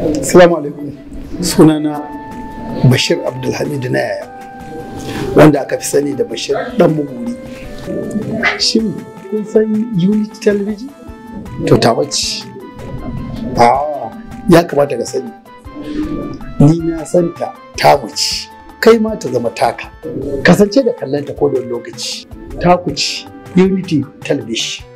Assalamu alaikum. Sunana Bashir Abdulhamid na yaya wanda aka fi sani da Bashir dan Muguri. Shin kun san Unity Television? To ta wace? Ah, ya kamata ka sani. Ni na santa ta wace. Kai ma ta zama taka. Kasance da kallonta ko da lokaci. Ta ci Unity Television.